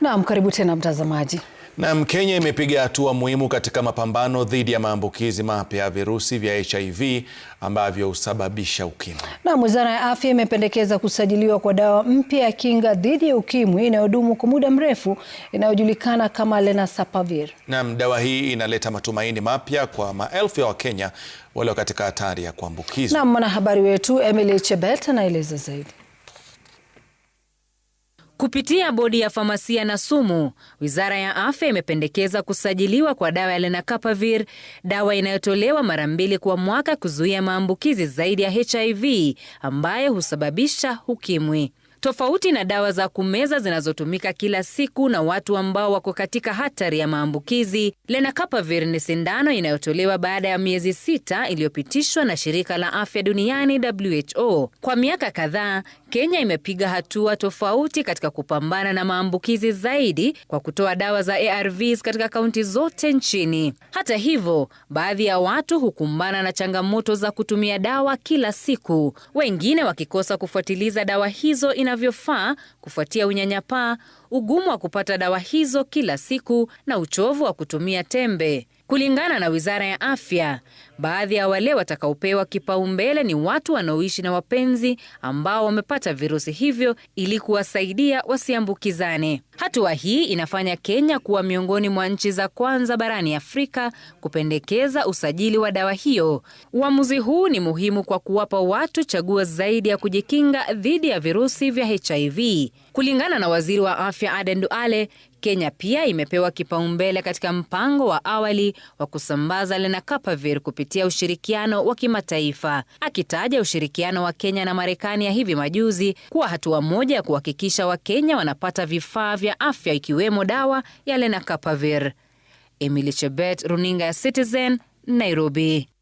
Naam, karibu tena mtazamaji. Naam, Kenya imepiga hatua muhimu katika mapambano dhidi ya maambukizi mapya ya virusi vya HIV ambavyo husababisha ukimwi. Naam, Wizara ya Afya imependekeza kusajiliwa kwa dawa mpya ya kinga dhidi ya ukimwi inayodumu kwa muda mrefu inayojulikana kama Lenacapavir. Naam, dawa hii inaleta matumaini mapya kwa maelfu ya Wakenya walio katika hatari ya kuambukizwa. Naam, mwanahabari wetu Emily Chebet anaeleza zaidi. Kupitia bodi ya famasia na sumu, wizara ya afya imependekeza kusajiliwa kwa dawa ya lenacapavir, dawa inayotolewa mara mbili kwa mwaka kuzuia maambukizi zaidi ya HIV ambayo husababisha ukimwi. Tofauti na dawa za kumeza zinazotumika kila siku na watu ambao wako katika hatari ya maambukizi, lenacapavir ni sindano inayotolewa baada ya miezi sita iliyopitishwa na shirika la afya duniani WHO. Kwa miaka kadhaa, Kenya imepiga hatua tofauti katika kupambana na maambukizi zaidi kwa kutoa dawa za ARVs katika kaunti zote nchini. Hata hivyo, baadhi ya watu hukumbana na changamoto za kutumia dawa kila siku, wengine wakikosa kufuatiliza dawa hizo inavyofaa kufuatia unyanyapaa, ugumu wa kupata dawa hizo kila siku na uchovu wa kutumia tembe. Kulingana na Wizara ya Afya, Baadhi ya wale watakaopewa kipaumbele ni watu wanaoishi na wapenzi ambao wamepata virusi hivyo ili kuwasaidia wasiambukizane. Hatua hii inafanya Kenya kuwa miongoni mwa nchi za kwanza barani Afrika kupendekeza usajili wa dawa hiyo. Uamuzi huu ni muhimu kwa kuwapa watu chaguo zaidi ya kujikinga dhidi ya virusi vya HIV. Kulingana na waziri wa afya Aden Duale, Kenya pia imepewa kipaumbele katika mpango wa awali wa kusambaza lenacapavir kupitia kupitia ushirikiano wa kimataifa, akitaja ushirikiano wa Kenya na Marekani ya hivi majuzi kuwa hatua moja ya kuhakikisha Wakenya wanapata vifaa vya afya ikiwemo dawa ya Lenacapavir. Emily Chebet, runinga ya Citizen, Nairobi.